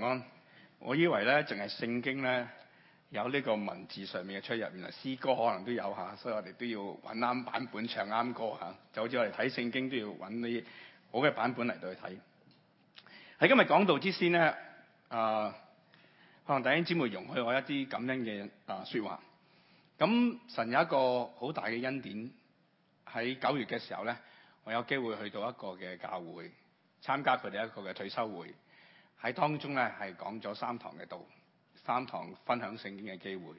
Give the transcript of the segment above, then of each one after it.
安，我以為咧，淨係聖經咧有呢個文字上面嘅出入，原來詩歌可能都有吓，所以我哋都要揾啱版本唱啱歌吓，就好似我哋睇聖經都要揾啲好嘅版本嚟到去睇。喺今日講道之先咧，啊、呃，可能弟兄姊妹容許我一啲感恩嘅啊、呃、說話。咁神有一個好大嘅恩典，喺九月嘅時候咧，我有機會去到一個嘅教會參加佢哋一個嘅退休會。喺當中咧係講咗三堂嘅道，三堂分享聖經嘅機會。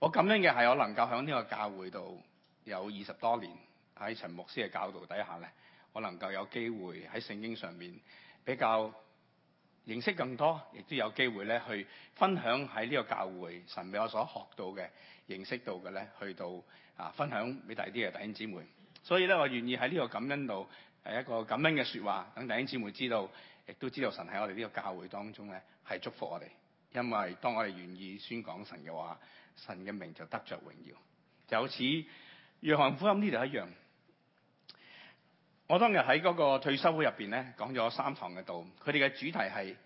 我感恩嘅係我能夠喺呢個教會度有二十多年喺陳牧師嘅教導底下咧，我能夠有機會喺聖經上面比較認識更多，亦都有機會咧去分享喺呢個教會神俾我所學到嘅認識到嘅咧，去到啊分享俾大啲嘅弟兄姊妹。所以咧我願意喺呢個感恩度係一個感恩嘅說話，等弟兄姊妹知道。亦都知道神喺我哋呢個教會當中咧，係祝福我哋。因為當我哋願意宣講神嘅話，神嘅名就得着榮耀。就好似約翰福音呢度一樣，我當日喺嗰個退修會入邊咧，講咗三堂嘅道，佢哋嘅主題係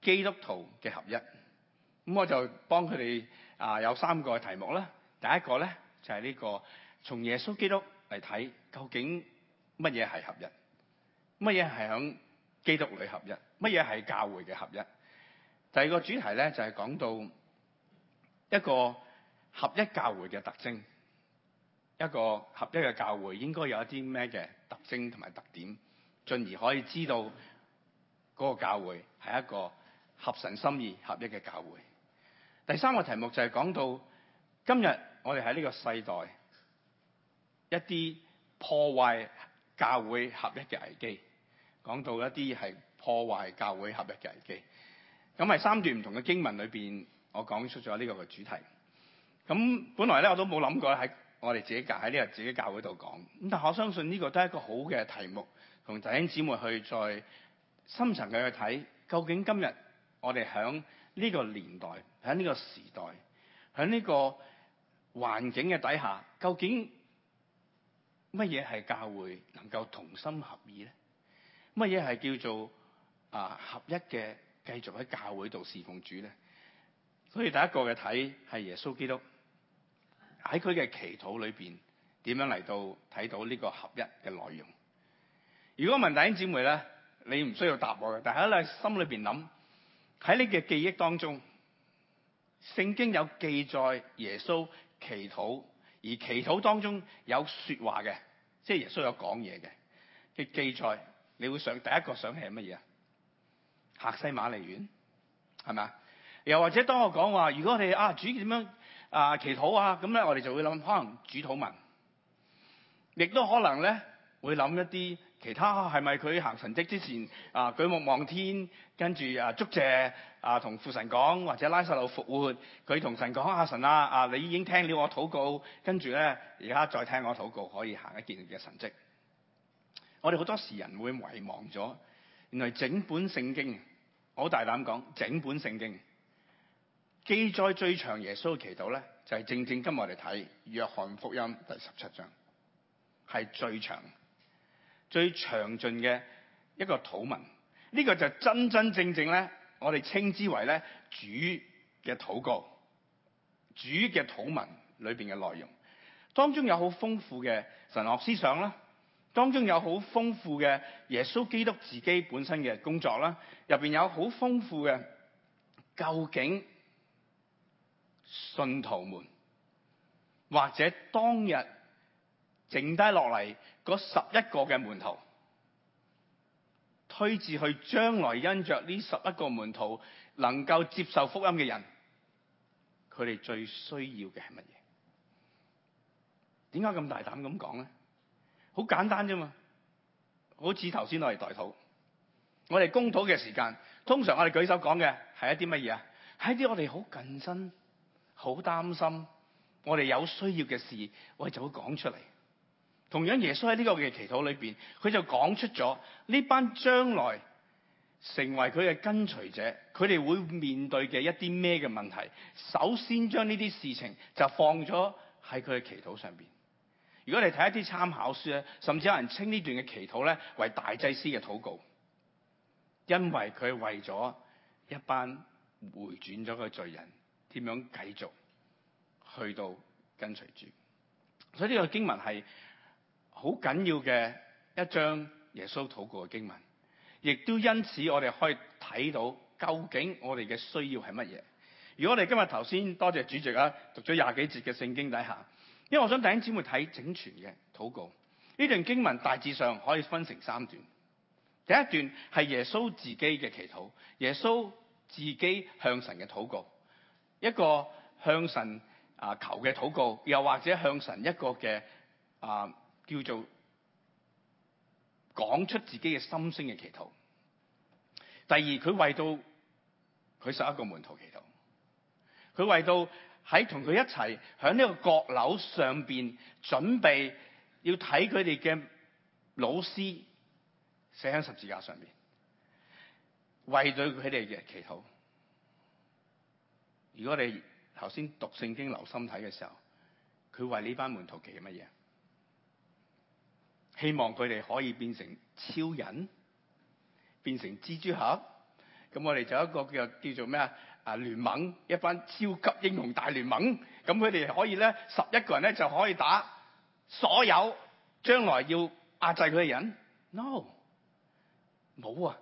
基督徒嘅合一。咁我就幫佢哋啊，有三個題目啦。第一個咧就係呢個從耶穌基督嚟睇，究竟乜嘢係合一，乜嘢係響基督裏合一，乜嘢係教會嘅合一？第二個主題咧就係講到一個合一教會嘅特徵，一個合一嘅教會應該有一啲咩嘅特徵同埋特點，進而可以知道個教會係一個合神心意合一嘅教會。第三個題目就係講到今日我哋喺呢個世代一啲破壞教會合一嘅危機。講到一啲係破壞教會合一嘅危機，咁喺三段唔同嘅經文裏面我講出咗呢個嘅主題。咁本來咧我都冇諗過喺我哋自己教喺呢個自己教會度講，咁但係我相信呢個都係一個好嘅題目，同弟兄姊妹去再深層嘅去睇，究竟今日我哋喺呢個年代，喺呢個時代，喺呢個環境嘅底下，究竟乜嘢係教會能夠同心合意咧？乜嘢係叫做啊合一嘅，繼續喺教會度侍奉主咧，所以第一個嘅睇係耶穌基督喺佢嘅祈禱裏邊點樣嚟到睇到呢個合一嘅內容。如果問弟兄姊妹咧，你唔需要答我嘅，但係咧心裏邊諗喺你嘅記憶當中，聖經有記載耶穌祈禱，而祈禱當中有說話嘅，即係耶穌有講嘢嘅嘅記載。你會想第一個想起係乜嘢啊？客西馬尼園係咪啊？又或者當我講話，如果我哋啊主點樣啊祈禱啊，咁咧、呃啊、我哋就會諗可能主禱文，亦都可能咧會諗一啲其他係咪佢行神蹟之前啊舉目望天，跟住啊祝謝啊同父神講，或者拉撒路復活，佢同神講啊神啊啊你已經聽了我禱告，跟住咧而家再聽我禱告可以行一件嘅神蹟。我哋好多時人會遺忘咗，原來整本聖經，我好大膽講，整本聖經記載最長耶穌嘅祈禱咧，就係、是、正正今日我哋睇約翰福音第十七章，係最長、最詳盡嘅一個禱文。呢、這個就真真正正咧，我哋稱之為咧主嘅禱告、主嘅禱文裏邊嘅內容，當中有好豐富嘅神學思想啦。當中有好豐富嘅耶穌基督自己本身嘅工作啦，入面有好豐富嘅究竟信徒們或者當日剩低落嚟嗰十一個嘅門徒，推至去將來因着呢十一個門徒能夠接受福音嘅人，佢哋最需要嘅係乜嘢？點解咁大膽咁講呢？好簡單啫嘛，好似頭先我哋代禱，我哋公禱嘅時間，通常我哋舉手講嘅係一啲乜嘢啊？係一啲我哋好近身、好擔心、我哋有需要嘅事，我哋就會講出嚟。同樣耶穌喺呢個嘅祈禱裏面，佢就講出咗呢班將來成為佢嘅跟隨者，佢哋會面對嘅一啲咩嘅問題，首先將呢啲事情就放咗喺佢嘅祈禱上面。如果你睇一啲參考書咧，甚至有人稱呢段嘅祈禱咧為大祭司嘅禱告，因為佢係為咗一班回轉咗嘅罪人點樣繼續去到跟隨住。所以呢個經文係好緊要嘅一章耶穌禱告嘅經文，亦都因此我哋可以睇到究竟我哋嘅需要係乜嘢。如果我哋今日頭先多謝主席啊，讀咗廿幾節嘅聖經底下。因為我想弟兄姊妹睇整全嘅禱告，呢段經文大致上可以分成三段。第一段係耶穌自己嘅祈禱，耶穌自己向神嘅禱告，一個向神啊求嘅禱告，又或者向神一個嘅啊叫做講出自己嘅心聲嘅祈禱。第二，佢為到佢十一個門徒祈禱，佢為到。喺同佢一齊喺呢個閣樓上邊準備要睇佢哋嘅老師寫喺十字架上邊，為咗佢哋嘅祈禱。如果你頭先讀聖經留心睇嘅時候，佢為呢班門徒祈乜嘢？希望佢哋可以變成超人，變成蜘蛛俠。咁我哋就有一個叫做叫做咩啊？啊！聯盟一班超級英雄大聯盟，咁佢哋可以咧十一個人咧就可以打所有將來要壓制佢嘅人。No，冇啊，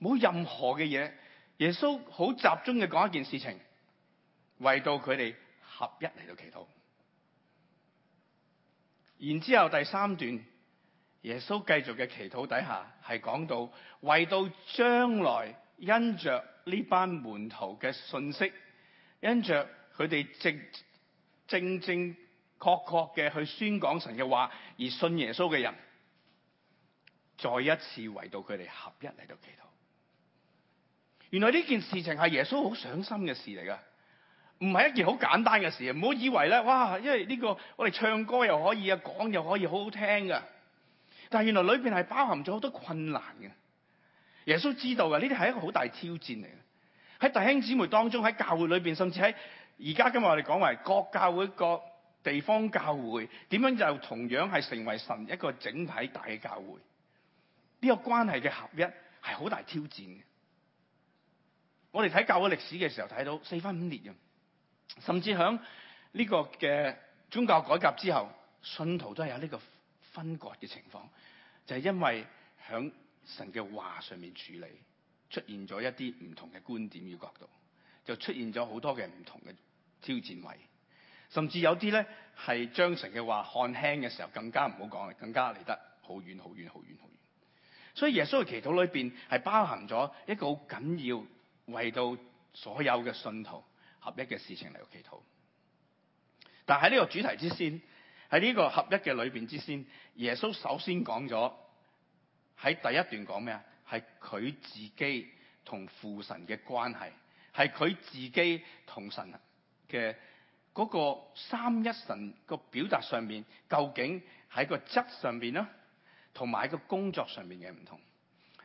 冇任何嘅嘢。耶穌好集中嘅講一件事情，為到佢哋合一嚟到祈禱。然之後第三段，耶穌繼續嘅祈禱底下係講到為到將來因着。呢班門徒嘅信息，因着佢哋正正正確確嘅去宣講神嘅話，而信耶穌嘅人，再一次圍到佢哋合一嚟到祈禱。原來呢件事情係耶穌好上心嘅事嚟噶，唔係一件好簡單嘅事。唔好以為咧，哇，因為呢個我哋唱歌又可以啊，講又可以，好好聽噶。但係原來裏邊係包含咗好多困難嘅。耶穌知道嘅，呢啲係一個好大挑戰嚟嘅。喺弟兄姊妹當中，喺教會裏邊，甚至喺而家今日我哋講話各教會、各地方教會，點樣就同樣係成為神一個整體大嘅教會？呢、呢個關係嘅合一係好大嘅挑戰嘅。我哋睇教會歷史嘅時候睇到四分五裂嘅，甚至響呢個嘅宗教改革之後，信徒都係有呢個分割嘅情況，就係、是、因為響。神嘅話上面處理，出現咗一啲唔同嘅觀點與角度，就出現咗好多嘅唔同嘅挑戰位，甚至有啲咧係將神嘅話看輕嘅時候更加不要說，更加唔好講啦，更加離得好遠好遠好遠好遠。所以耶穌嘅祈禱裏邊係包含咗一個好緊要，為到所有嘅信徒合一嘅事情嚟到祈禱。但喺呢個主題之先，喺呢個合一嘅裏邊之先，耶穌首先講咗。喺第一段講咩啊？係佢自己同父神嘅關係，係佢自己同神嘅嗰個三一神個表達上面，究竟喺個質上邊啦，同埋個工作上面嘅唔同。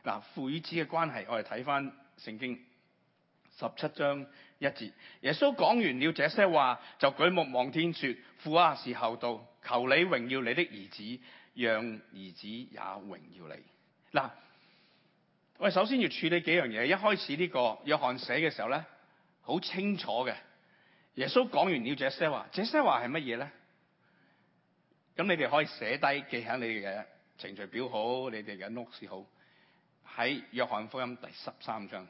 嗱，父與子嘅關係，我哋睇翻聖經十七章一節，耶穌講完了這些話，就舉目望天說：父啊，時候到，求你榮耀你的兒子，讓兒子也榮耀你。嗱，我哋首先要處理幾樣嘢。一開始呢個約翰寫嘅時候咧，好清楚嘅。耶穌講完了這些話，這些話係乜嘢咧？咁你哋可以寫低記下你哋嘅程序表好，你哋嘅 notes 好。喺約翰福音第十三章，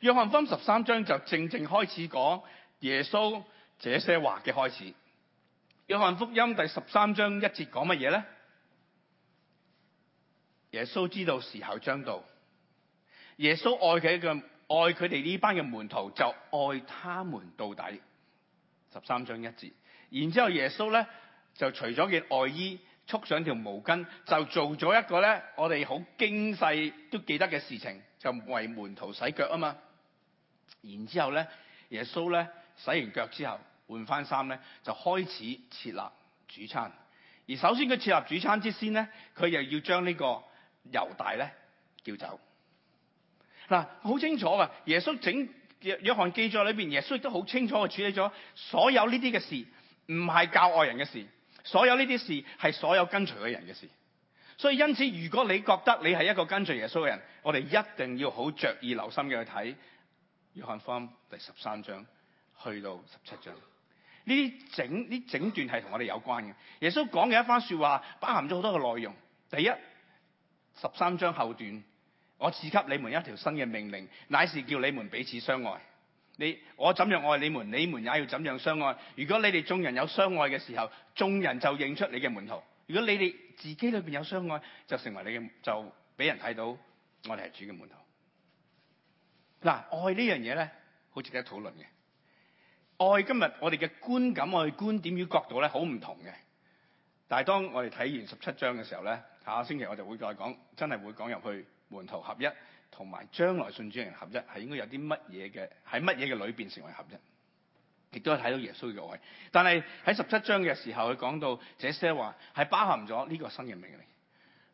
約翰福音十三章就正正開始講耶穌這些話嘅開始。約翰福音第十三章一節講乜嘢咧？耶穌知道時候將到，耶穌愛佢嘅愛佢哋呢班嘅門徒，就愛他們到底。十三章一節，然之後耶穌咧就除咗件外衣，束上條毛巾，就做咗一個咧我哋好精細都記得嘅事情，就為門徒洗腳啊嘛。然之後咧，耶穌咧洗完腳之後換翻衫咧，就開始設立主餐。而首先佢設立主餐之先咧，佢又要將呢個。猶大咧叫走嗱，好清楚啊，耶穌整約翰記載裏邊，耶穌亦都好清楚嘅處理咗所有呢啲嘅事，唔係教外人嘅事，所有呢啲事係所有跟隨嘅人嘅事。所以因此，如果你覺得你係一個跟隨耶穌嘅人，我哋一定要好着意留心嘅去睇約翰福音第十三章去到十七章呢啲整呢整段係同我哋有關嘅。耶穌講嘅一番說話，包含咗好多嘅內容。第一。十三章後段，我賜給你們一條新嘅命令，乃是叫你們彼此相愛。你我怎樣愛你們，你們也要怎樣相愛。如果你哋眾人有相愛嘅時候，眾人就認出你嘅門徒；如果你哋自己裏面有相愛，就成為你嘅，就俾人睇到我哋係主嘅門徒。嗱，愛呢樣嘢呢，好值得討論嘅。愛今日我哋嘅觀感、我哋觀點與角度咧，好唔同嘅。但當我哋睇完十七章嘅時候呢。下星期我就會再講，真係會講入去門徒合一，同埋將來信主人合一，係應該有啲乜嘢嘅？喺乜嘢嘅裏面成為合一？亦都係睇到耶穌嘅愛，但係喺十七章嘅時候，佢講到這些話係包含咗呢個新嘅命令，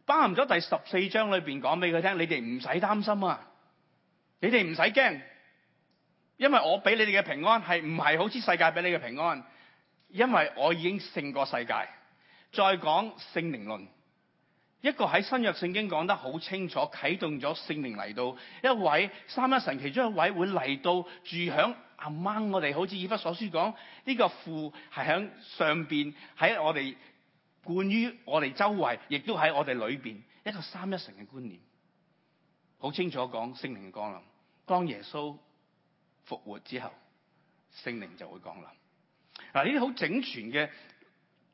包含咗第十四章裏面講俾佢聽：你哋唔使擔心啊，你哋唔使驚，因為我俾你哋嘅平安係唔係好似世界俾你嘅平安？因為我已經勝過世界。再講聖靈論。一個喺新約聖經講得好清楚，啟動咗聖靈嚟到一位三一神其中一位會嚟到住響 among，我哋好似以弗所書講呢個父係響上邊喺我哋冠於我哋周圍，亦都喺我哋裏邊一個三一神嘅觀念，好清楚講聖靈嘅降臨。當耶穌復活之後，聖靈就會降臨。嗱呢啲好整全嘅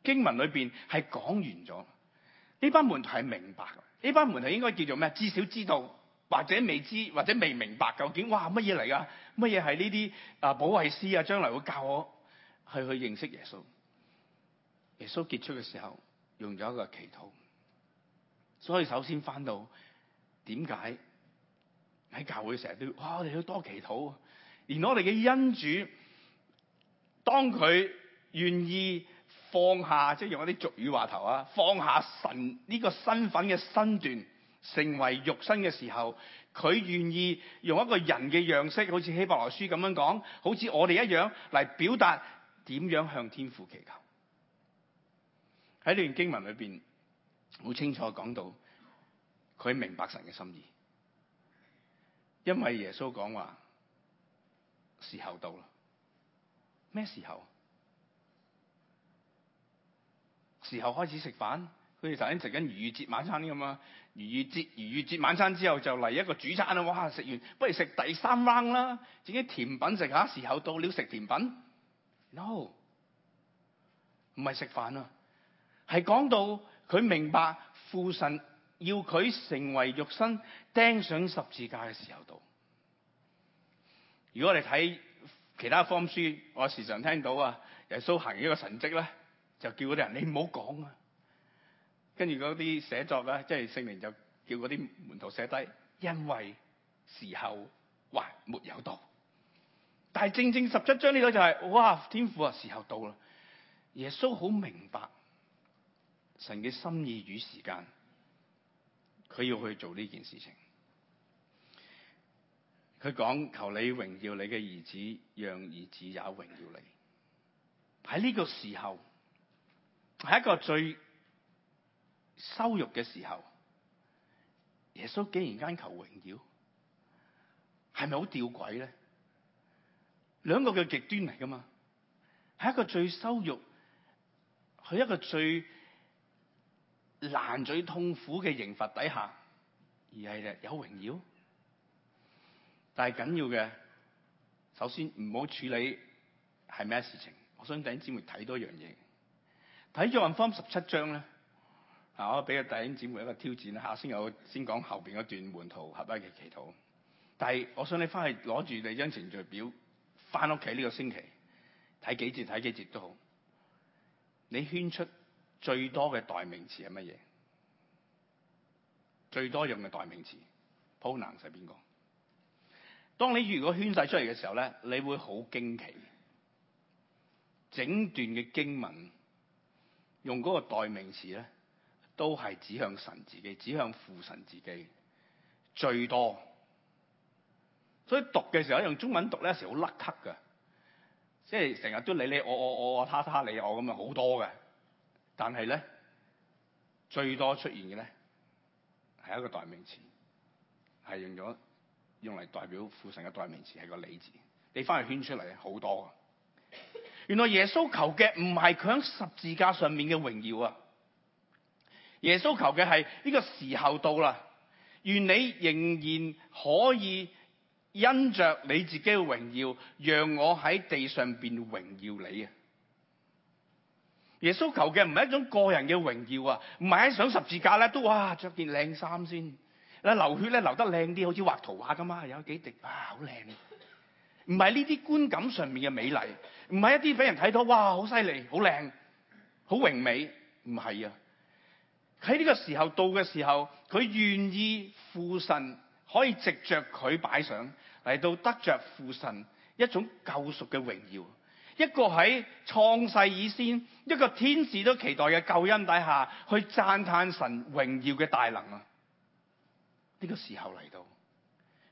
經文裏邊係講完咗。呢班門徒係明白，呢班門徒應該叫做咩？至少知道或者未知或者未明白究竟，哇乜嘢嚟噶？乜嘢係呢啲啊保惠師啊？將來會教我去去認識耶穌。耶穌結束嘅時候用咗一個祈禱，所以首先翻到點解喺教會成日都哇，我哋要多祈禱，而我哋嘅恩主，當佢願意。放下，即係用一啲俗語話頭啊！放下神呢個身份嘅身段，成為肉身嘅時候，佢願意用一個人嘅樣式，好似希伯來書咁樣講，好似我哋一樣嚟表達點樣向天父祈求。喺呢段經文裏邊，好清楚講到佢明白神嘅心意，因為耶穌講話時候到啦，咩時候？時候開始食飯，佢哋頭先食緊逾越節晚餐咁啊，逾越節，逾越節晚餐之後就嚟一個主餐啦，哇！食完不如食第三 round 啦，自己甜品食下，時候到了，食甜品，No，唔係食飯啊，係講到佢明白父神要佢成為肉身釘上十字架嘅時候到。如果你睇其他方書，我時常聽到啊，耶穌行一個神蹟咧。就叫嗰啲人你唔好講啊，跟住嗰啲寫作咧，即係聖靈就叫嗰啲門徒寫低，因為時候還沒有到，但係正正十七章呢個就係，哇！天父啊，時候到啦，耶穌好明白神嘅心意與時間，佢要去做呢件事情，佢講，求你榮耀你嘅兒子，讓兒子也榮耀你，喺呢個時候。係一個最羞辱嘅時候，耶穌竟然間求榮耀，係咪好吊詭咧？兩個嘅極端嚟噶嘛。係一個最羞辱，係一個最難最痛苦嘅刑罰底下，而係咧有榮耀。但係緊要嘅，首先唔好處理係咩事情。我想等姊妹睇多樣嘢。睇約翰福音十七章咧，啊，我俾個弟兄姊妹一個挑戰。下先有先講後面嗰段門徒合一嘅祈禱。但係，我想你翻去攞住你張程序表，翻屋企呢個星期睇幾節睇幾節都好，你圈出最多嘅代名詞係乜嘢？最多用嘅代名詞，普能係邊個？當你如果圈曬出嚟嘅時候咧，你會好驚奇，整段嘅經文。用嗰個代名詞咧，都係指向神自己，指向父神自己最多。所以讀嘅時候用中文讀咧，時時好甩咳嘅，即係成日都理你你我我我，他他你我咁樣好多嘅。但係咧，最多出現嘅咧係一個代名詞，係用咗用嚟代表父神嘅代名詞，係個你字，你翻去圈出嚟好多。原來耶穌求嘅唔係佢喺十字架上面嘅榮耀啊！耶穌求嘅係呢個時候到啦，願你仍然可以因着你自己嘅榮耀，讓我喺地上邊榮耀你啊！耶穌求嘅唔係一種個人嘅榮耀啊，唔係喺上十字架咧都哇着件靚衫先，嗱流血咧流得靚啲，好似畫圖畫咁啊，有幾滴哇好靚，唔係呢啲觀感上面嘅美麗。唔係一啲俾人睇到，哇！好犀利，好靚，好榮美，唔係啊。喺呢個時候到嘅時候，佢願意父神可以藉着佢擺上嚟到得着父神一種救贖嘅榮耀，一個喺創世以先一個天使都期待嘅救恩底下去讚嘆神榮耀嘅大能啊！呢個時候嚟到，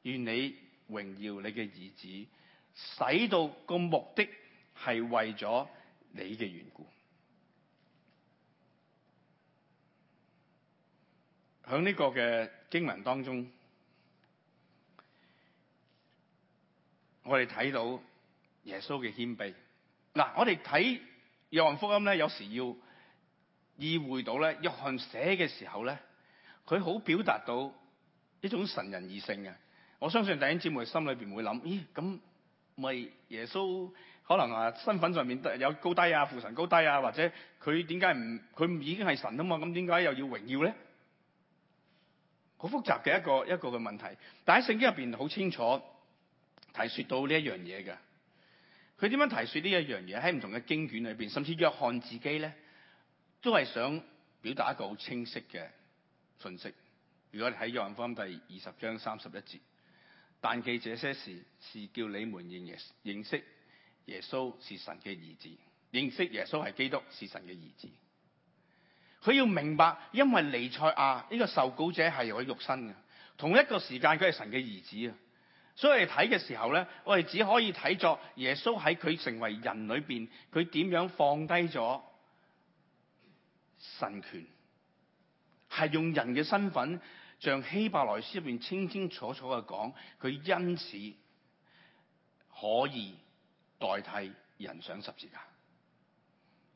願你榮耀你嘅兒子，使到個目的。係為咗你嘅緣故，喺呢個嘅經文當中，我哋睇到耶穌嘅謙卑。嗱，我哋睇約翰福音咧，有時要意會到咧，約翰寫嘅時候咧，佢好表達到一種神人二性嘅。我相信弟兄姐妹心裏邊會諗，咦，咁咪耶穌？可能啊，身份上面有高低啊，父神高低啊，或者佢點解唔佢已經係神啊嘛？咁點解又要榮耀咧？好複雜嘅一個一個嘅問題，但喺聖經入邊好清楚提說到呢一樣嘢嘅。佢點樣提說呢一樣嘢？喺唔同嘅經卷裏邊，甚至約翰自己咧，都係想表達一個好清晰嘅信息。如果你哋喺約翰福音第二十章三十一節，但記這些事是叫你們認嘢認識。耶穌是神嘅兒子，認識耶穌係基督，是神嘅兒子。佢要明白，因為尼賽亞呢個受膏者係佢肉身嘅，同一個時間佢係神嘅兒子啊。所以睇嘅時候咧，我哋只可以睇作耶穌喺佢成為人裏邊，佢點樣放低咗神權，係用人嘅身份，像希伯來書入邊清清楚楚嘅講，佢因此可以。代替人上十字架，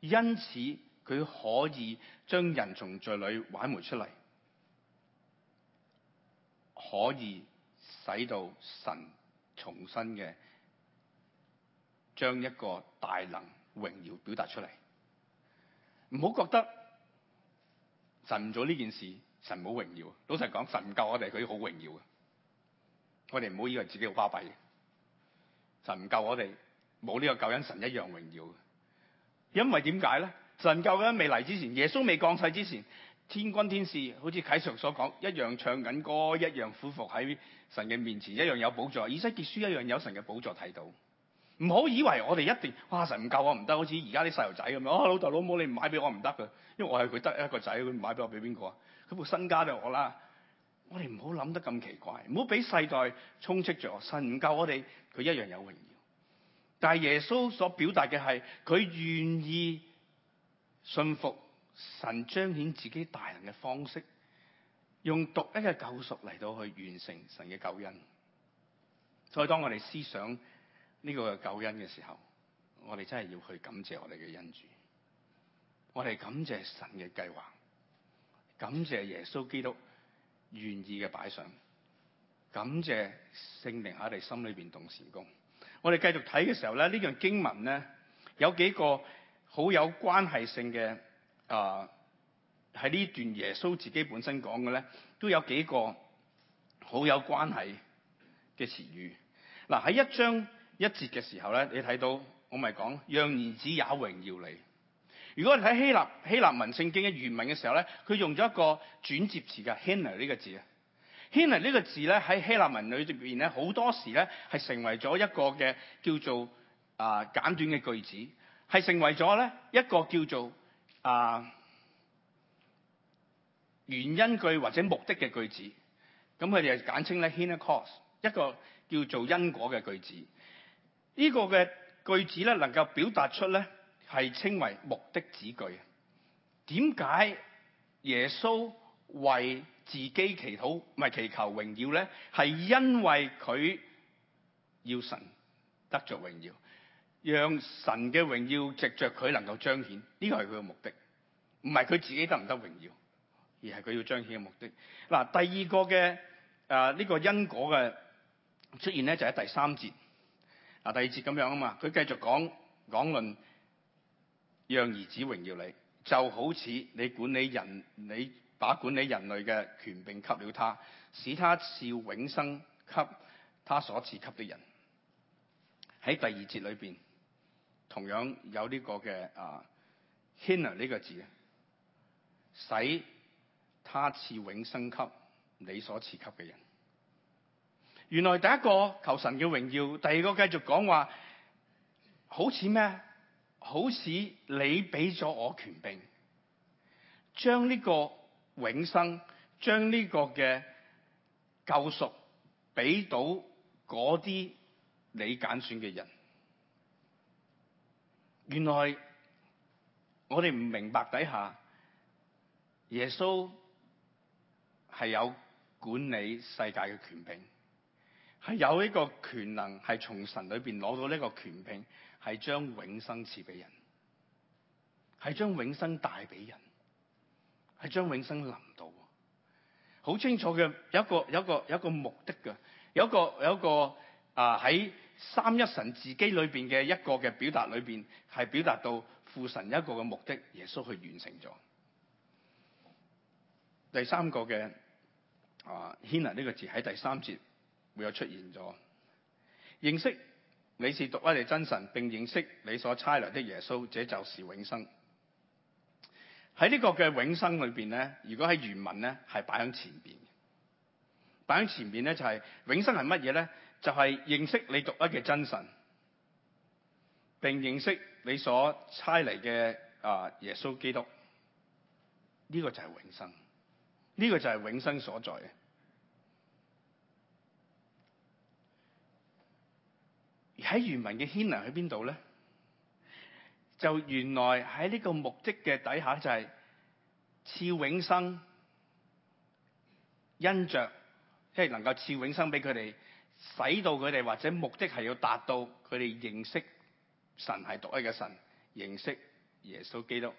因此佢可以將人從罪裏挽回出嚟，可以使到神重新嘅將一個大能榮耀表達出嚟。唔好覺得神唔做呢件事，神冇榮耀。老實講，神唔救我哋，佢好榮耀。我哋唔好以為自己好巴閉，神唔救我哋。冇呢個救恩神一樣榮耀，因為點解咧？神救恩未嚟之前，耶穌未降世之前，天君天使好似啟上所講，一樣唱緊歌，一樣俯伏喺神嘅面前，一樣有寶座。以西結書一樣有神嘅寶座睇到。唔好以為我哋一定哇神唔救我唔得，好似而家啲細路仔咁樣。啊、哦、老豆老母你唔買俾我唔得嘅，因為我係佢得一個仔，佢唔買俾我俾邊個啊？佢部身家就我啦。我哋唔好諗得咁奇怪，唔好俾世代充斥着我，神唔救我哋，佢一樣有榮耀。但係耶穌所表達嘅係，佢願意信服神彰顯自己大能嘅方式，用獨一嘅救贖嚟到去完成神嘅救恩。所以當我哋思想呢個救恩嘅時候，我哋真係要去感謝我哋嘅恩主，我哋感謝神嘅計劃，感謝耶穌基督願意嘅擺上，感謝聖靈喺我哋心裡邊動工。我哋繼續睇嘅時候咧，呢樣經文咧有幾個好有關係性嘅啊，喺呢段耶穌自己本身講嘅咧，都有幾個好有關係嘅詞語。嗱，喺一章一節嘅時候咧，你睇到我咪講，讓兒子也榮耀你。如果你睇希臘希臘文聖經嘅原文嘅時候咧，佢用咗一個轉接詞嘅 hinner 呢個字啊。Hina 呢個字咧喺希臘文裏邊咧好多時咧係成為咗一個嘅，叫做啊簡短嘅句子，係成為咗咧一個叫做，簡的一個叫做啊原因句或者目的嘅句子。咁佢哋係簡稱咧 Hina cause，一個叫做因果嘅句子。呢、這個嘅句子咧能夠表達出咧係稱為目的子句。啊，點解耶穌為自己祈禱唔係祈求榮耀咧，係因為佢要神得着榮耀，讓神嘅榮耀藉着佢能夠彰顯，呢個係佢嘅目的，唔係佢自己得唔得榮耀，而係佢要彰顯嘅目的。嗱，第二個嘅誒呢個因果嘅出現咧，就喺第三節啊，第二節咁樣啊嘛，佢繼續講講論，讓兒子榮耀你，就好似你管理人你。把管理人類嘅權柄給了他，使他賜永生給他所賜給的人。喺第二節裏邊，同樣有呢、這個嘅啊，honor 呢個字，啊，使他賜永生給你所賜給嘅人。原來第一個求神嘅榮耀，第二個繼續講話，好似咩？好似你俾咗我權柄，將呢、這個。永生將呢個嘅救贖俾到啲你揀選嘅人。原來我哋唔明白底下耶穌係有管理世界嘅權柄，係有呢個權能，係從神裏邊攞到呢個權柄，係將永生賜俾人，係將永生帶俾人。係將永生臨到，好清楚嘅，有一個有一個有一個目的嘅，有一個有一個啊喺、呃、三一神自己裏邊嘅一個嘅表達裏邊，係表達到父神一個嘅目的，耶穌去完成咗。第三個嘅啊，希勒呢個字喺第三節會有出現咗。認識你是獨一嘅真神，並認識你所差來的耶穌，這就是永生。在這個永生裏面，如果喺原文呢，是擺在前面嘅。擺在前面咧就係、是、永生是什麼呢，就是認識你獨一的真神，並認識你所差來的耶穌基督，這個就是永生，這個就是永生所在，而在原文的牽連在哪裏呢？就原來喺呢個目的嘅底下，就係賜永生，因著，即係能夠賜永生俾佢哋，使到佢哋或者目的係要達到佢哋認識神係獨一嘅神，認識耶穌基督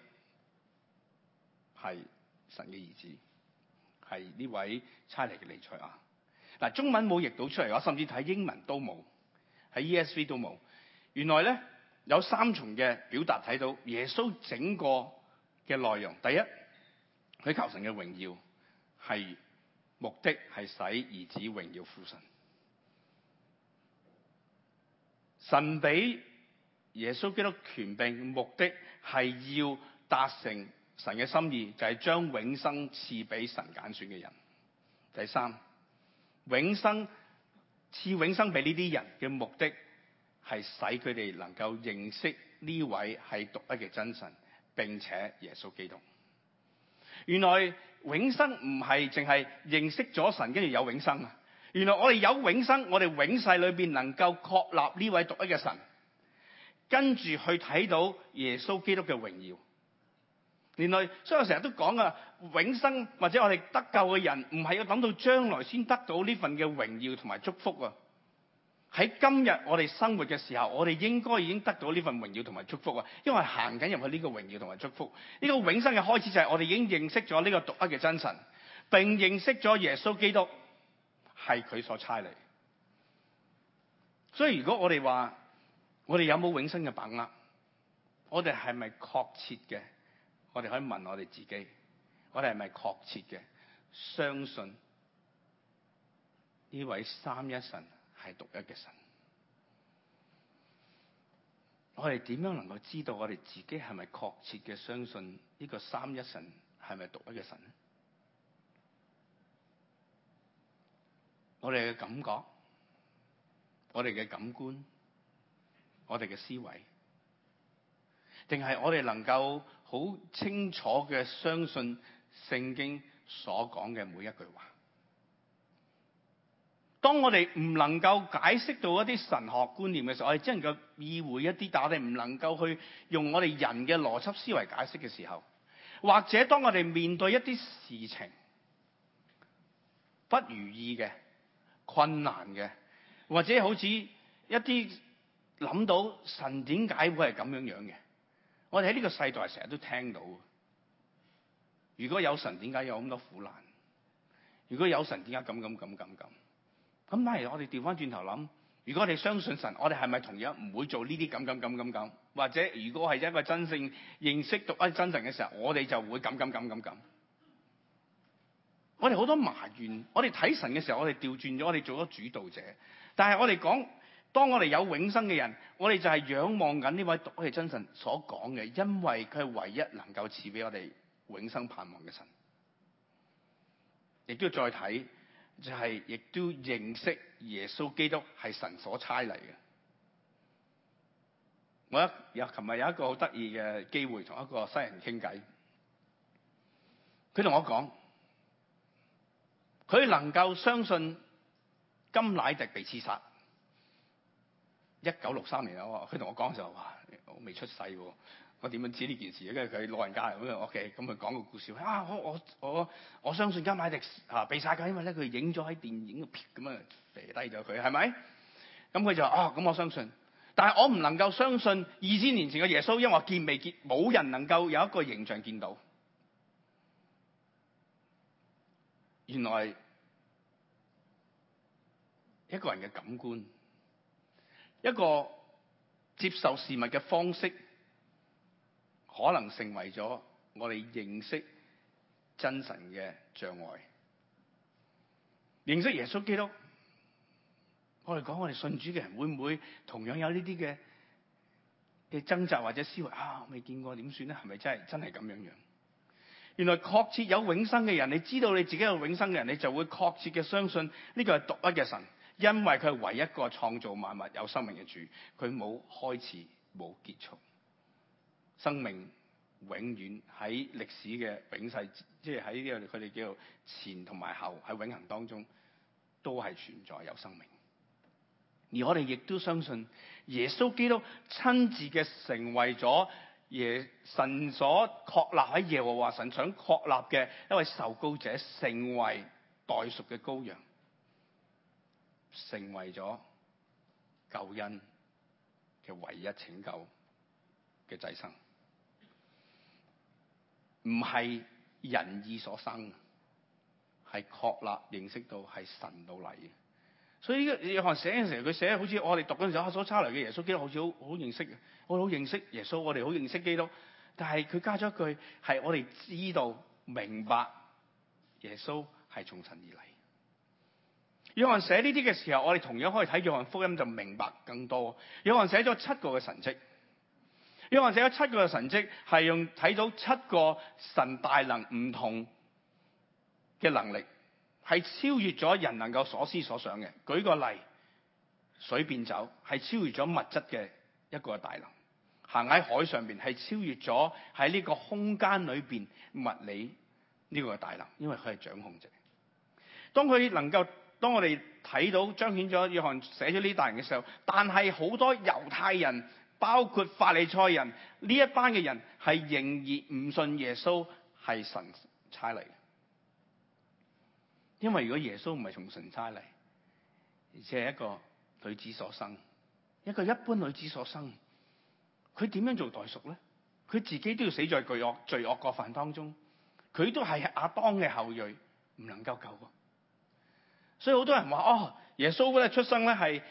係神嘅兒子，係呢位差嚟嘅理財啊！嗱，中文冇譯到出嚟，我甚至睇英文都冇，喺 ESV 都冇。原來咧。有三重嘅表達睇到耶穌整個嘅內容。第一，佢求神嘅榮耀，係目的係使兒子榮耀父神。神俾耶穌基督權柄，目的係要達成神嘅心意，就係、是、將永生賜俾神揀選嘅人。第三，永生賜永生俾呢啲人嘅目的。係使佢哋能夠認識呢位係獨一嘅真神，並且耶穌基督。原來永生唔係淨係認識咗神，跟住有永生啊！原來我哋有永生，我哋永世裏邊能夠確立呢位獨一嘅神，跟住去睇到耶穌基督嘅榮耀。原來，所以我成日都講啊，永生或者我哋得救嘅人，唔係要等到將來先得到呢份嘅榮耀同埋祝福啊！喺今日我哋生活嘅時候，我哋應該已經得到呢份榮耀同埋祝福啊！因為行緊入去呢個榮耀同埋祝福，呢個永生嘅開始就係我哋已經認識咗呢個獨一嘅真神，並認識咗耶穌基督係佢所差嚟。所以如果我哋話我哋有冇永生嘅把握，我哋係咪確切嘅？我哋可以問我哋自己，我哋係咪確切嘅？相信呢位三一神。係獨一嘅神，我哋點樣能夠知道我哋自己係咪確切嘅相信呢個三一神係咪獨一嘅神咧？我哋嘅感覺，我哋嘅感官，我哋嘅思維，定係我哋能夠好清楚嘅相信聖經所講嘅每一句話？當我哋唔能夠解釋到一啲神學觀念嘅時候，我哋只能夠意會一啲，但我哋唔能夠去用我哋人嘅邏輯思維解釋嘅時候，或者當我哋面對一啲事情不如意嘅、困難嘅，或者好似一啲諗到神點解會係咁樣樣嘅，我哋喺呢個世代成日都聽到。如果有神，點解有咁多苦難？如果有神，點解咁咁咁咁咁？咁，但係我哋調翻轉頭諗，如果我哋相信神，我哋係咪同樣唔會做呢啲咁咁咁咁咁？或者，如果係一個真正認識獨一真神嘅時候，我哋就會咁咁咁咁咁。我哋好多埋怨，我哋睇神嘅時候，我哋調轉咗，我哋做咗主導者。但係我哋講，當我哋有永生嘅人，我哋就係仰望緊呢位獨一真神所講嘅，因為佢係唯一能夠賜俾我哋永生盼望嘅神。亦都要再睇。就係亦都認識耶穌基督係神所差嚟嘅。我一有琴日有一個好得意嘅機會，同一個西人傾偈。佢同我講，佢能夠相信金乃迪被刺殺。一九六三年啊，佢同我講就話我未出世喎。我點樣知呢件事？跟住佢老人家咁樣 OK，咁佢講個故事。啊，我我我我相信甘迺迪嚇被殺㗎，因為咧佢影咗喺電影咁樣射低咗佢係咪？咁佢就啊，咁、哦嗯、我相信。但係我唔能夠相信二千年前嘅耶穌，因為見未見，冇人能夠有一個形象見到。原來一個人嘅感官，一個接受事物嘅方式。可能成為咗我哋認識真神嘅障礙，認識耶穌基督。我哋講，我哋信主嘅人會唔會同樣有呢啲嘅嘅掙扎或者思維啊？未見過點算咧？係咪真係真係咁樣樣？原來確切有永生嘅人，你知道你自己有永生嘅人，你就會確切嘅相信呢個係獨一嘅神，因為佢係唯一一個創造萬物有生命嘅主，佢冇開始冇結束。生命永遠喺歷史嘅永世，即係喺佢哋叫做前同埋後喺永恒當中，都係存在有生命。而我哋亦都相信耶穌基督親自嘅成為咗耶神所確立喺耶和華神想確立嘅一位受膏者，成為代贖嘅羔羊，成為咗救恩嘅唯一拯救嘅祭牲。唔係人意所生，係確立認識到係神到嚟嘅。所以呢個約翰寫嘅時候，佢寫好似我哋讀嗰陣時候所差嚟嘅耶穌基督好似好好認識嘅，我好認識耶穌，我哋好認識基督。但係佢加咗一句係我哋知道明白耶穌係從神而嚟。約翰寫呢啲嘅時候，我哋同樣可以睇約翰福音就明白更多。約翰寫咗七個嘅神跡。約翰寫咗七個嘅神跡，係用睇到七個神大能唔同嘅能力，係超越咗人能夠所思所想嘅。舉個例，水變酒，係超越咗物質嘅一個大能；行喺海上邊，係超越咗喺呢個空間裏邊物理呢個嘅大能。因為佢係掌控者，當佢能夠，當我哋睇到彰顯咗約翰寫咗呢啲大能嘅時候，但係好多猶太人。包括法利賽人呢一班嘅人係仍然唔信耶穌係神差嚟嘅，因為如果耶穌唔係從神差嚟，而且係一個女子所生，一個一般女子所生，佢點樣做代贖咧？佢自己都要死在巨惡罪惡過犯當中，佢都係阿當嘅後裔，唔能夠救。所以好多人話哦，耶穌咧出生咧係。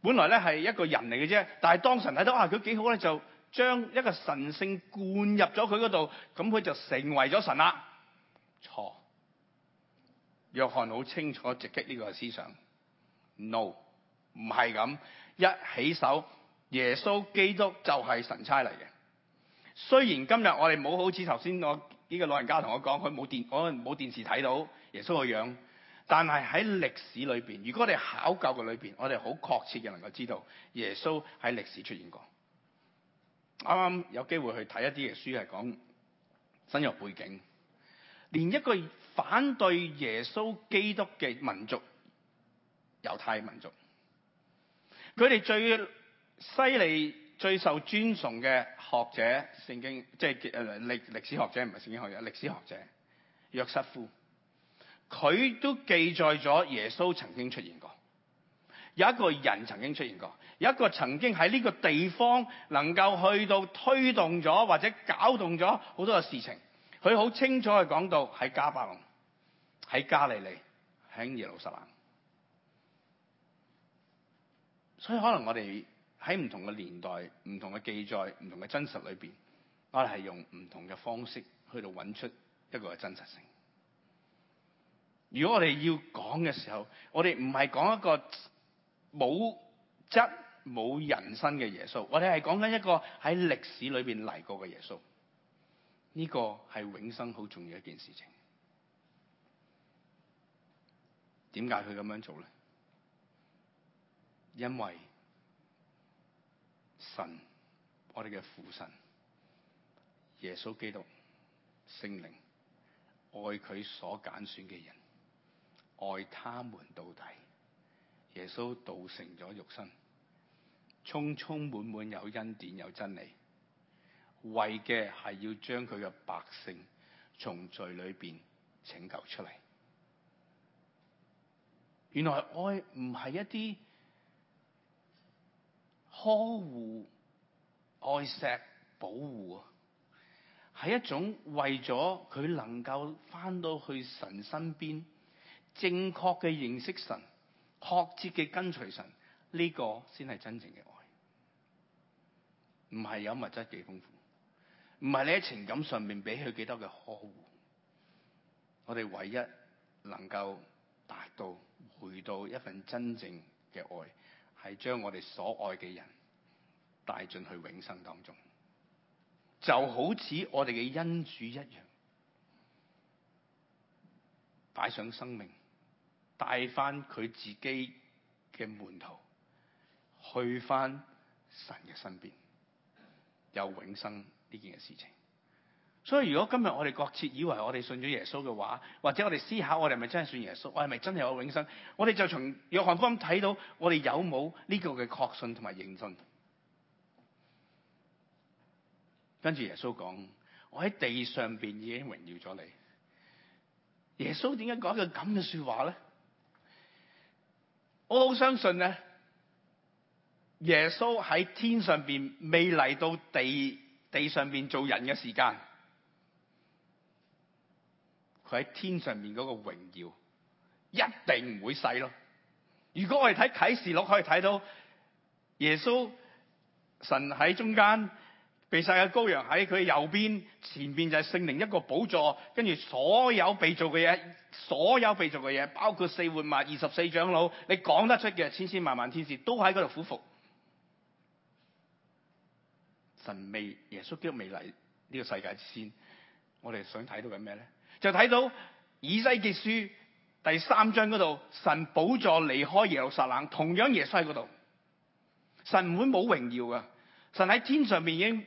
本來咧係一個人嚟嘅啫，但係當神睇到啊佢幾好咧，就將一個神性灌入咗佢嗰度，咁佢就成為咗神啦。錯，約翰好清楚直擊呢個思想。no，唔係咁，一起手耶穌基督就係神差嚟嘅。雖然今日我哋冇好似頭先我呢個老人家同我講，佢冇電，我冇電視睇到耶穌個樣。但係喺歷史裏邊，如果我哋考究嘅裏邊，我哋好確切嘅能夠知道耶穌喺歷史出現過。啱啱有機會去睇一啲嘅書係講新約背景，連一個反對耶穌基督嘅民族，猶太民族，佢哋最犀利、最受尊崇嘅學者，聖經即係誒歷歷史學者唔係聖經學者，歷史學者約瑟夫。佢都記載咗耶穌曾經出現過，有一個人曾經出現過，有一個曾經喺呢個地方能夠去到推動咗或者搞動咗好多嘅事情，佢好清楚係講到喺迦百農、喺加利利、喺耶路撒冷。所以可能我哋喺唔同嘅年代、唔同嘅記載，唔同嘅真實裏邊，我哋係用唔同嘅方式去到揾出一個嘅真實性。如果我哋要講嘅時候，我哋唔係講一個冇質冇人生嘅耶穌，我哋係講緊一個喺歷史裏邊嚟過嘅耶穌。呢個係永生好重要一件事情。點解佢咁樣做咧？因為神，我哋嘅父神，耶穌基督，聖靈，愛佢所揀選嘅人。愛他們到底，耶穌道成咗肉身，充充滿滿有恩典有真理，為嘅係要將佢嘅百姓從罪裏邊拯救出嚟。原來愛唔係一啲呵護、愛錫、保護，係一種為咗佢能夠翻到去神身邊。正確嘅認識神，確切嘅跟隨神，呢個先係真正嘅愛，唔係有物質嘅豐富，唔係你喺情感上面俾佢幾多嘅呵護。我哋唯一能夠達到回到一份真正嘅愛，係將我哋所愛嘅人帶進去永生當中，就好似我哋嘅恩主一樣，擺上生命。帶翻佢自己嘅門徒去翻神嘅身邊，有永生呢件嘅事情。所以如果今日我哋確切以為我哋信咗耶穌嘅話，或者我哋思考我哋係咪真係信耶穌，我係咪真係有永生？我哋就從約翰福音睇到我哋有冇呢個嘅確信同埋認真。跟住耶穌講：我喺地上邊已經榮耀咗你。耶穌點解講一個咁嘅說話咧？我好相信咧，耶穌喺天上邊未嚟到地地上邊做人嘅時間，佢喺天上邊嗰個榮耀一定唔會細咯。如果我哋睇啟示錄可以睇到耶穌神喺中間。被殺嘅羔羊喺佢右邊前邊，就係聖靈一個寶座，跟住所有被造嘅嘢，所有被造嘅嘢，包括四活物、二十四長老，你講得出嘅千千萬萬天使都喺嗰度俯伏。神未耶穌基督未嚟呢，這個世界之先，我哋想睇到緊咩咧？就睇到以西結書第三章嗰度，神寶座離開耶路撒冷，同樣耶穌喺嗰度，神唔會冇榮耀噶，神喺天上面已經。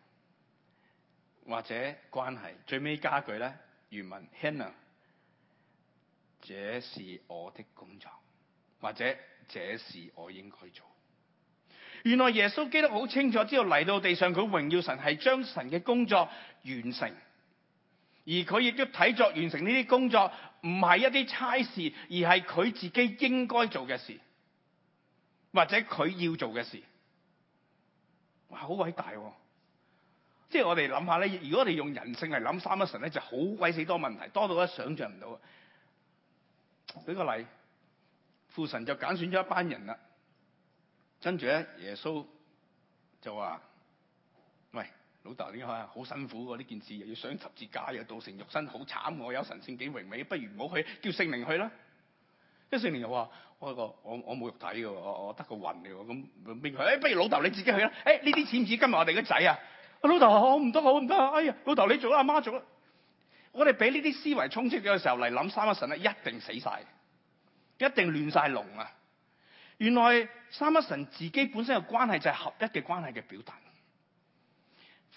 或者關係最尾加句咧，原文 Hannah，這是我的工作，或者這是我應該做。原來耶穌基督好清楚，之後嚟到地上，佢榮耀神係將神嘅工作完成，而佢亦都睇作完成呢啲工作，唔係一啲差事，而係佢自己應該做嘅事，或者佢要做嘅事。哇，好偉大喎，啊！即係我哋諗下咧，如果我哋用人性嚟諗三一神咧，就好鬼死多問題，多到一想像唔到。舉個例，父神就揀選咗一班人啦，跟住咧耶穌就話：喂，老豆呢好辛苦喎，呢件事又要上十字架，又道成肉身，好慘喎，我有神性幾榮美，不如唔好去，叫聖靈去啦。一聖靈又話：我我我冇肉體嘅，我我得個魂嚟，咁邊佢？誒，不如老豆你自己去啦。誒，呢啲錢唔似今日我哋嘅仔啊。老豆，好唔得，好唔得，哎呀，老豆你做啦，阿媽做啦，我哋俾呢啲思維衝擊嘅時候嚟諗三一神一定死晒，一定亂晒龍啊！原來三一神自己本身嘅關係就係合一嘅關係嘅表達，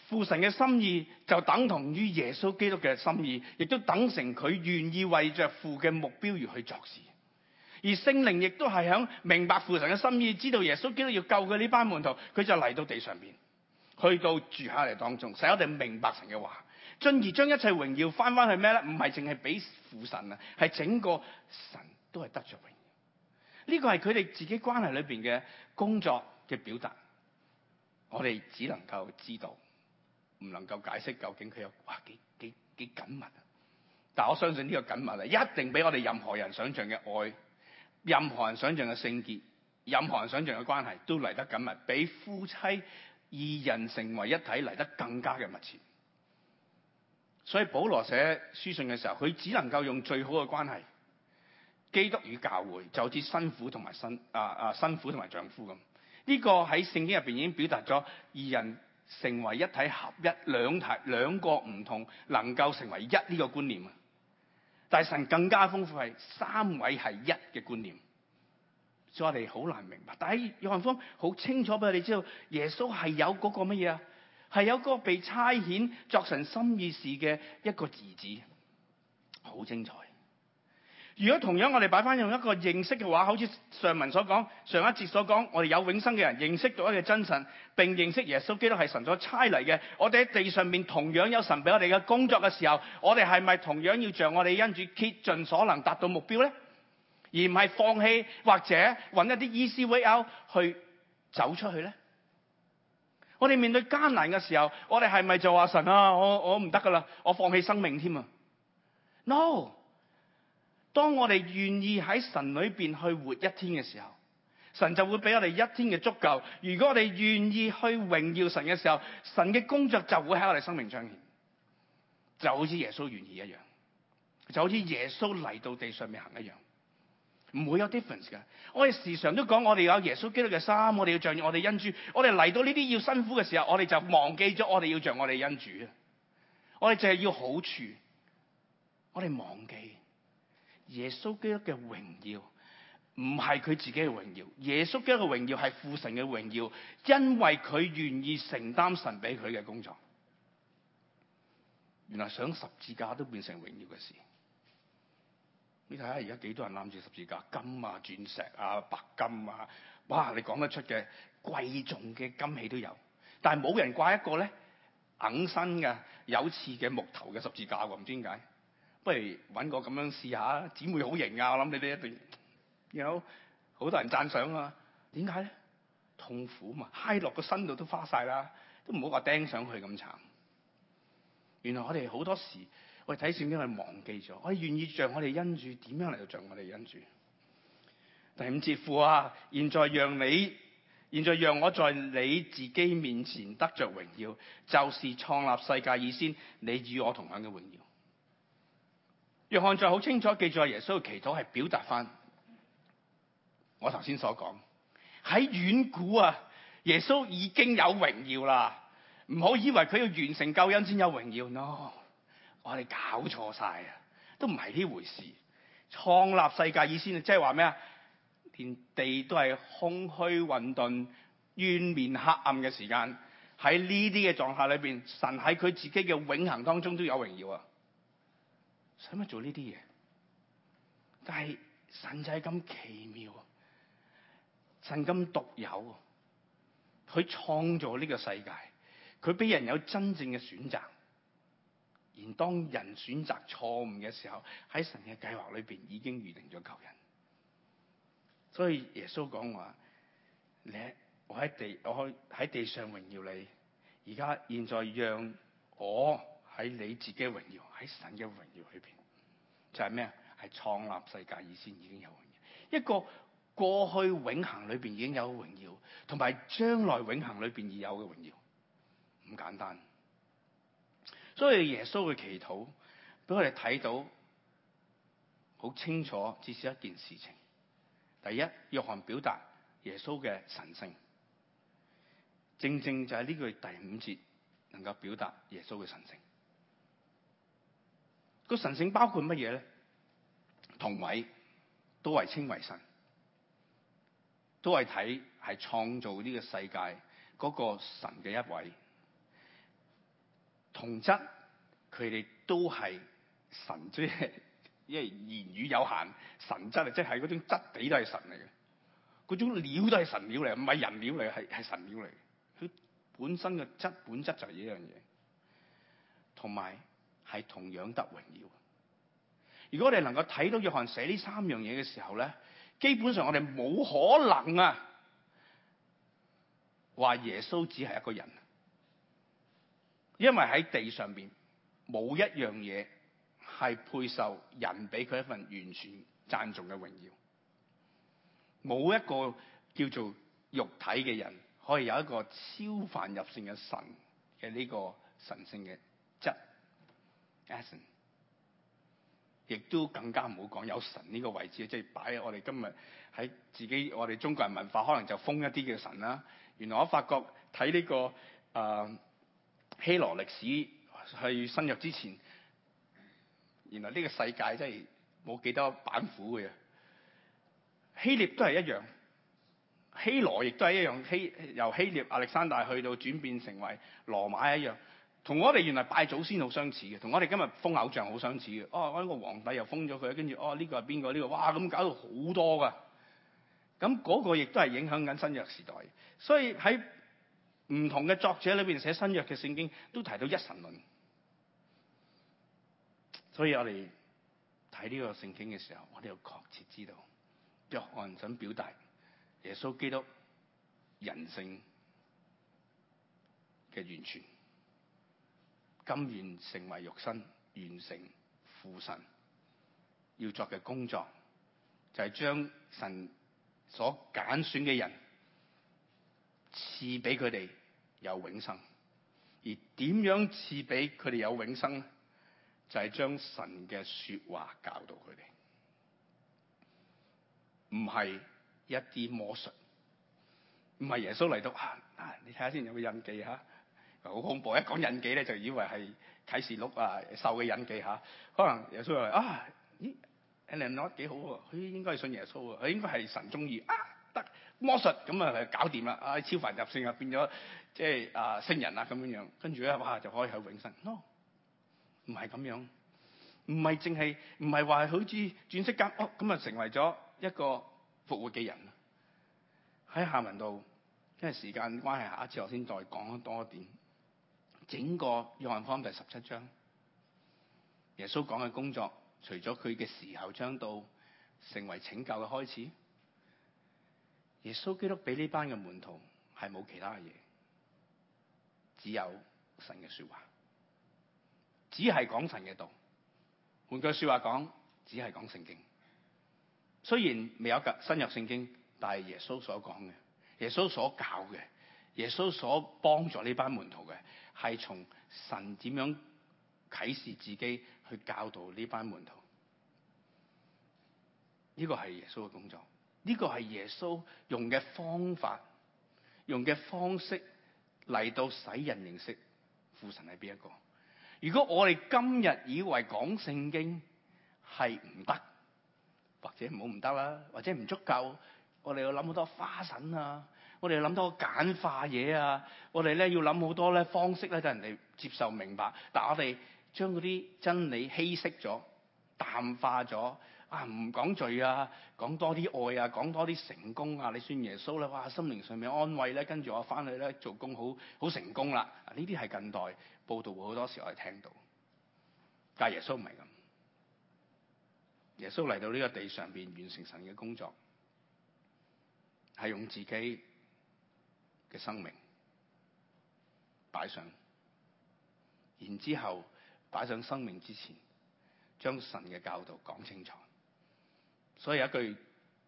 父神嘅心意就等同於耶穌基督嘅心意，亦都等成佢願意為着父嘅目標而去作事，而聖靈亦都係響明白父神嘅心意，知道耶穌基督要救佢呢班門徒，佢就嚟到地上邊。去到住下嚟當中，使我哋明白神嘅話，進而將一切榮耀翻翻去咩咧？唔係淨係俾父神啊，係整個神都係得着榮耀。呢個係佢哋自己關係裏邊嘅工作嘅表達。我哋只能夠知道，唔能夠解釋究竟佢有哇幾幾幾緊密啊！但我相信呢個緊密啊，一定比我哋任何人想象嘅愛，任何人想象嘅聖潔，任何人想象嘅關係，都嚟得緊密，比夫妻。二人成為一體嚟得更加嘅密切，所以保羅寫書信嘅時候，佢只能夠用最好嘅關係，基督與教會就好似新婦同埋新啊啊新婦同埋丈夫咁。呢個喺聖經入邊已經表達咗二人成為一體合一兩態兩個唔同能夠成為一呢個觀念啊。但神更加豐富係三位係一嘅觀念。所以我哋好難明白，但係約翰福音好清楚俾我哋知道耶，耶穌係有嗰個乜嘢啊？係有個被差遣作神心意事嘅一個兒子，好精彩。如果同樣我哋擺翻用一個認識嘅話，好似上文所講，上一節所講，我哋有永生嘅人認識獨一嘅真神，並認識耶穌基督係神所差嚟嘅。我哋喺地上面同樣有神俾我哋嘅工作嘅時候，我哋係咪同樣要像我哋因主竭盡所能達到目標咧？而唔係放棄或者搵一啲 easy way out 去走出去咧？我哋面對艱難嘅時候，我哋係咪就話神啊？我我唔得噶啦，我放棄生命添啊？No！當我哋願意喺神裏邊去活一天嘅時候，神就會俾我哋一天嘅足夠。如果我哋願意去榮耀神嘅時候，神嘅工作就會喺我哋生命彰顯，就好似耶穌願意一樣，就好似耶穌嚟到地上面行一樣。唔會有 difference 嘅，我哋時常都講我哋有耶穌基督嘅衫，我哋要像我哋恩主，我哋嚟到呢啲要辛苦嘅時候，我哋就忘記咗我哋要像我哋恩主啊！我哋淨係要好處，我哋忘記耶穌基督嘅榮耀，唔係佢自己嘅榮耀。耶穌基督嘅榮耀係父神嘅榮耀，因為佢願意承擔神俾佢嘅工作。原來上十字架都變成榮耀嘅事。你睇下而家幾多人攬住十字架，金啊、鑽石啊、白金啊，哇！你講得出嘅貴重嘅金器都有，但係冇人掛一個咧，硬身嘅有刺嘅木頭嘅十字架喎，唔知點解。不如揾個咁樣試下，姊妹好型啊！我諗你哋一定有好 you know, 多人讚賞啊！點解咧？痛苦嘛，嗨落個身度都花晒啦，都唔好話釘上去咁慘。原來我哋好多時。我睇聖經，我哋忘記咗，我願意像我哋恩住點樣嚟到像我哋恩住。第五節，父啊，現在讓你，現在讓我在你自己面前得着榮耀，就是創立世界以先，你與我同享嘅榮耀。約翰在好清楚記住耶穌，耶穌嘅祈禱係表達翻我頭先所講，喺遠古啊，耶穌已經有榮耀啦，唔好以為佢要完成救恩先有榮耀，no。我哋搞錯晒啊！都唔係呢回事。創立世界以先即係話咩啊？連地都係空虛混沌、淵面黑暗嘅時間。喺呢啲嘅狀態下裏邊，神喺佢自己嘅永恒當中都有榮耀啊！使乜做呢啲嘢？但係神就係咁奇妙，神咁獨有，佢創造呢個世界，佢俾人有真正嘅選擇。而當人選擇錯誤嘅時候，喺神嘅計劃裏邊已經預定咗救人。所以耶穌講話：，你我喺地，我可，喺地上榮耀你。而家現在讓我喺你自己榮耀，喺神嘅榮耀裏邊，就係、是、咩？啊？係創立世界以前已經有榮耀，一個過去永恒裏邊已經有榮耀，同埋將來永恒裏邊已有嘅榮耀，唔簡單。所以耶穌嘅祈禱俾我哋睇到好清楚，至少一件事情，第一，約翰表達耶穌嘅神聖，正正就係呢句第五節能夠表達耶穌嘅神聖。那個神聖包括乜嘢咧？同位都為稱為神，都係睇係創造呢個世界嗰個神嘅一位。同質，佢哋都係神，即係因為言語有限，神質啊，即係嗰種質地都係神嚟嘅，嗰種料都係神料嚟，唔係人料嚟，係係神料嚟。嘅，佢本身嘅質本質就係呢樣嘢，同埋係同樣得榮耀。如果我哋能夠睇到約翰寫呢三樣嘢嘅時候咧，基本上我哋冇可能啊，話耶穌只係一個人。因為喺地上邊冇一樣嘢係配受人俾佢一份完全讚頌嘅榮耀，冇一個叫做肉體嘅人可以有一個超凡入聖嘅神嘅呢、這個神聖嘅質。阿信，亦都更加唔好講有神呢個位置，即係擺喺我哋今日喺自己我哋中國人文化可能就封一啲嘅神啦。原來我發覺睇呢、這個誒。呃希羅歷史去新約之前，原來呢個世界真係冇幾多板斧嘅。希臘都係一樣，希羅亦都係一樣。希由希臘亞歷山大去到轉變成為羅馬一樣，同我哋原來拜祖先好相似嘅，同我哋今日封偶像好相似嘅。哦，呢個皇帝又封咗佢，跟住哦呢個係邊個？呢個哇咁搞到好多噶。咁嗰個亦都係影響緊新約時代，所以喺。唔同嘅作者裏面寫新約嘅聖經都提到一神論，所以我哋睇呢個聖經嘅時候，我哋要確切知道約翰想表達耶穌基督人性嘅完全，甘願成為肉身，完成父神要做嘅工作，就係、是、將神所揀選嘅人。賜俾佢哋有永生，而點樣賜俾佢哋有永生咧，就係將神嘅說話教到佢哋，唔係一啲魔術，唔係耶穌嚟到啊！你睇下先有冇印記吓，好恐怖！一講印記咧就以為係啟示錄啊、獸嘅印記吓、啊，可能耶穌話啊，咦、啊，亞利安娜幾好佢應該係信耶穌啊，佢應該係神中意啊。得魔術咁啊，搞掂啦！啊，超凡入聖啊，變咗即係啊聖人啊咁樣樣，跟住咧哇就可以喺永生咯，唔係咁樣，唔係淨係唔係話好似轉色間哦咁啊，就成為咗一個復活嘅人喺下文度，因為時間關係，下一次我先再講多一點，整個約翰福音第十七章，耶穌講嘅工作，除咗佢嘅時候將到成為拯救嘅開始。耶穌基督俾呢班嘅門徒係冇其他嘢，只有神嘅說話，只係講神嘅道。換句說話講，只係講聖經。雖然未有新約聖經，但係耶穌所講嘅、耶穌所教嘅、耶穌所幫助呢班門徒嘅，係從神點樣啟示自己去教導呢班門徒。呢、這個係耶穌嘅工作。呢個係耶穌用嘅方法，用嘅方式嚟到使人認識父神係邊一個。如果我哋今日以為講聖經係唔得，或者唔好唔得啦，或者唔足夠，我哋要諗好多花神啊，我哋要諗好多簡化嘢啊，我哋咧要諗好多咧方式咧，等人哋接受明白。但我哋將嗰啲真理稀釋咗、淡化咗。啊！唔講罪啊，講多啲愛啊，講多啲成功啊！你算耶穌咧，哇！心靈上面安慰咧，跟住我翻去咧做工，好好成功啦！呢啲係近代報導好多時我哋聽到，但係耶穌唔係咁。耶穌嚟到呢個地上邊完成神嘅工作，係用自己嘅生命擺上，然之後擺上生命之前，將神嘅教導講清楚。所以有一句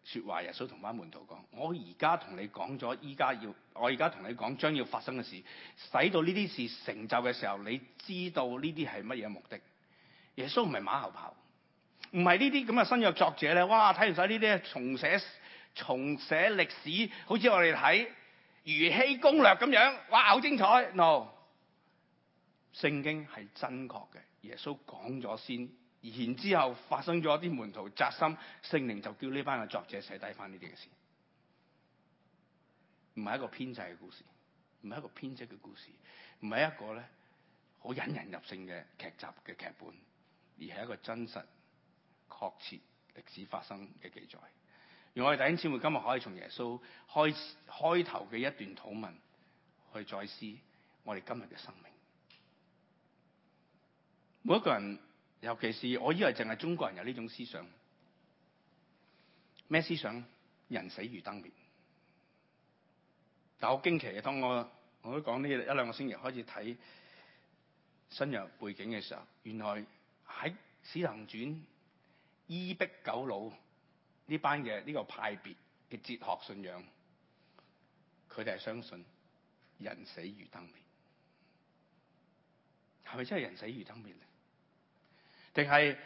說話，耶穌同班門徒講：我而家同你講咗，依家要我而家同你講將要發生嘅事，使到呢啲事成就嘅時候，你知道呢啲係乜嘢目的？耶穌唔係馬後炮，唔係呢啲咁嘅新約作者咧。哇！睇完晒呢啲重寫重寫歷史，好似我哋睇《如姬攻略》咁樣，哇！好精彩。no，聖經係真確嘅，耶穌講咗先。然之後發生咗一啲門徒扎心，聖靈就叫呢班嘅作者寫低返呢啲嘅事，唔係一個編製嘅故事，唔係一個編輯嘅故事，唔係一個咧好引人入勝嘅劇集嘅劇本，而係一個真實確切歷史發生嘅記載。而我哋弟兄姊妹今日可以從耶穌開始開頭嘅一段禱文，去再思我哋今日嘅生命。每一個人。尤其是我以為淨係中國人有呢種思想，咩思想？人死如燈滅。但係我驚奇嘅，當我我都講呢一兩個星期開始睇新約背景嘅時候，原來喺《史滕傳》、《伊壁鳩魯呢班嘅呢個派別嘅哲學信仰，佢哋係相信人死如燈滅，係咪真係人死如燈滅咧？定係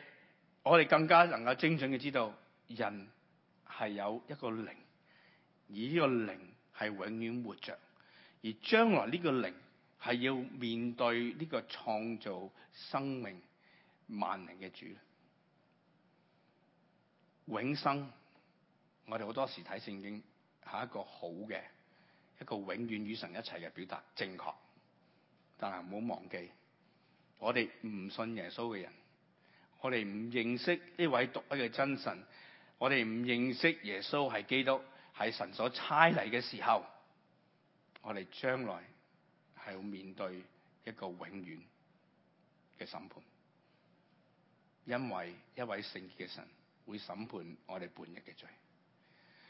我哋更加能夠精準嘅知道，人係有一個靈，而呢個靈係永遠活着，而將來呢個靈係要面對呢個創造生命萬靈嘅主永生。我哋好多時睇聖經係一個好嘅一個永遠與神一齊嘅表達，正確，但係唔好忘記我哋唔信耶穌嘅人。我哋唔認識呢位獨一嘅真神，我哋唔認識耶穌係基督係神所差嚟嘅時候，我哋將來係要面對一個永遠嘅審判，因為一位聖潔嘅神會審判我哋叛逆嘅罪。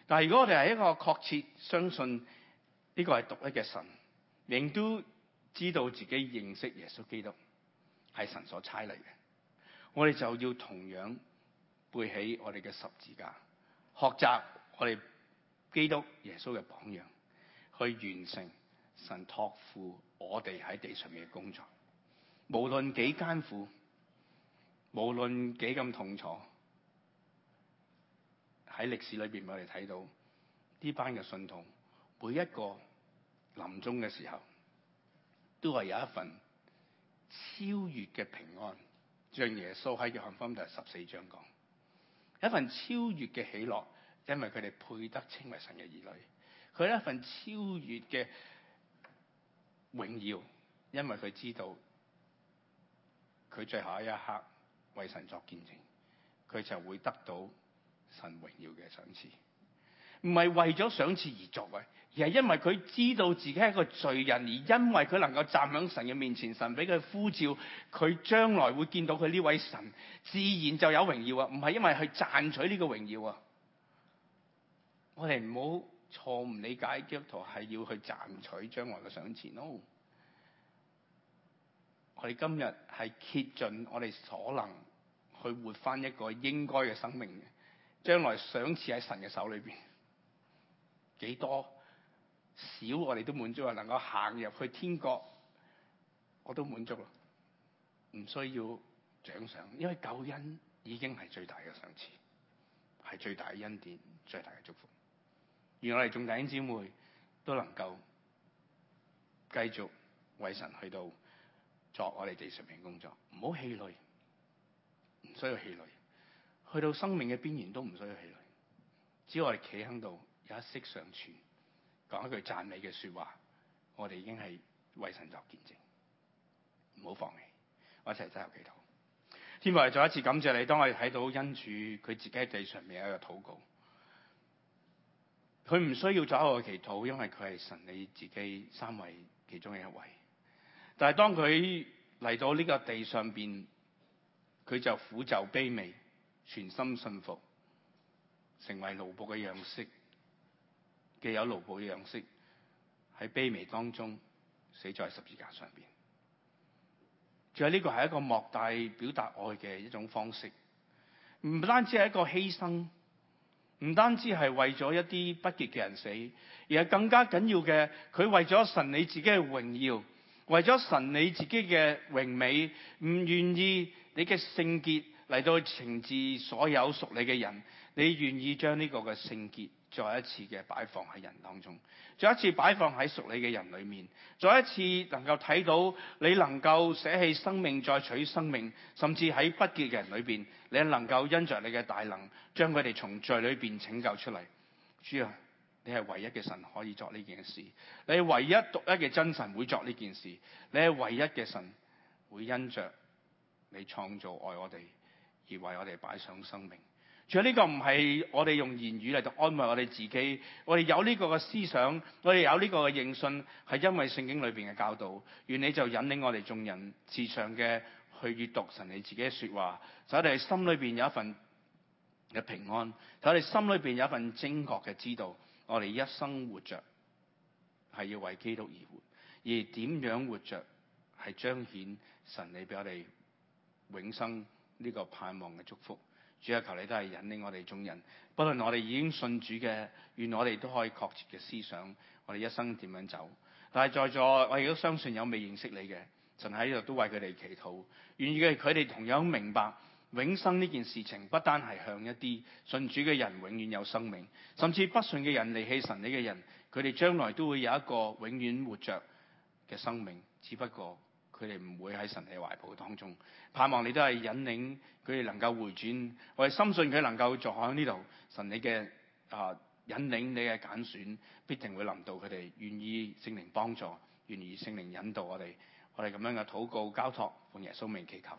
但係如果我哋係一個確切相信呢個係獨一嘅神，亦都知道自己認識耶穌基督係神所差嚟嘅。我哋就要同樣背起我哋嘅十字架，學習我哋基督耶穌嘅榜樣，去完成神託付我哋喺地上面嘅工作。無論幾艱苦，無論幾咁痛楚，喺歷史裏面我們看到，我哋睇到呢班嘅信徒，每一個臨終嘅時候，都係有一份超越嘅平安。像耶穌喺約翰福音第十四章講，一份超越嘅喜樂，因為佢哋配得稱為神嘅兒女；佢有一份超越嘅榮耀，因為佢知道佢最後一刻為神作見證，佢就會得到神榮耀嘅賞賜。唔係為咗賞賜而作為，而係因為佢知道自己係一個罪人，而因為佢能夠站響神嘅面前，神俾佢呼召，佢將來會見到佢呢位神，自然就有榮耀啊！唔係因為去賺取呢個榮耀啊！我哋唔好錯誤理解基督徒係要去賺取將來嘅賞賜咯。No. 我哋今日係竭盡我哋所能去活翻一個應該嘅生命，將來賞賜喺神嘅手裏邊。幾多少,少我哋都滿足啊！能夠行入去天國，我都滿足啦，唔需要獎賞，因為救恩已經係最大嘅賞賜，係最大嘅恩典，最大嘅祝福。原願我哋眾弟兄姊妹都能夠繼續為神去到作我哋地上面工作，唔好氣餒，唔需要氣餒，去到生命嘅邊緣都唔需要氣餒，只要我哋企喺度。有一息尚存，講一句讚美嘅說話，我哋已經係為神作見證，唔好放棄，我一齊走入祈禱。天父，再一次感謝你，當我哋睇到恩主佢自己喺地上面有一個禱告，佢唔需要再我祈禱，因為佢係神你自己三位其中嘅一位。但係當佢嚟到呢個地上邊，佢就苦就卑微，全心信服，成為奴僕嘅樣式。既有奴僕嘅樣式，喺卑微當中死在十字架上邊。仲有呢個係一個莫大表達愛嘅一種方式，唔單止係一個犧牲，唔單止係為咗一啲不潔嘅人死，而係更加緊要嘅，佢為咗神你自己嘅榮耀，為咗神你自己嘅榮美，唔願意你嘅聖潔嚟到懲治所有屬你嘅人，你願意將呢個嘅聖潔。再一次嘅擺放喺人當中，再一次擺放喺屬你嘅人裏面，再一次能夠睇到你能夠捨棄生命再取生命，甚至喺不潔嘅人裏邊，你能夠因着你嘅大能，將佢哋從罪裏邊拯救出嚟。主啊，你係唯一嘅神可以作呢件事，你唯一獨一嘅真神會作呢件事，你係唯一嘅神會因着你創造愛我哋而為我哋擺上生命。除咗呢個唔係我哋用言語嚟到安慰我哋自己，我哋有呢個嘅思想，我哋有呢個嘅認信，係因為聖經裏邊嘅教導。願你就引領我哋眾人至上嘅去閱讀神你自己嘅說話，使我哋心裏邊有一份嘅平安，使我哋心裏邊有一份精確嘅知道，我哋一生活着，係要為基督而活，而點樣活着，係彰顯神你俾我哋永生呢個盼望嘅祝福。主啊，求你都係引領我哋眾人，不論我哋已經信主嘅，願我哋都可以確切嘅思想，我哋一生點樣走。但係在座，我亦都相信有未認識你嘅，神喺度都為佢哋祈禱，願意嘅佢哋同樣明白永生呢件事情，不單係向一啲信主嘅人永遠有生命，甚至不信嘅人，離棄神你嘅人，佢哋將來都會有一個永遠活着嘅生命，只不過。佢哋唔會喺神嘅懷抱當中，盼望你都係引領佢哋能夠回轉，我哋深信佢能夠坐喺呢度，神你嘅啊引領你的，你嘅揀選必定會臨到佢哋，願意聖靈幫助，願意聖靈引導我哋，我哋咁樣嘅禱告交託，奉耶穌名祈求。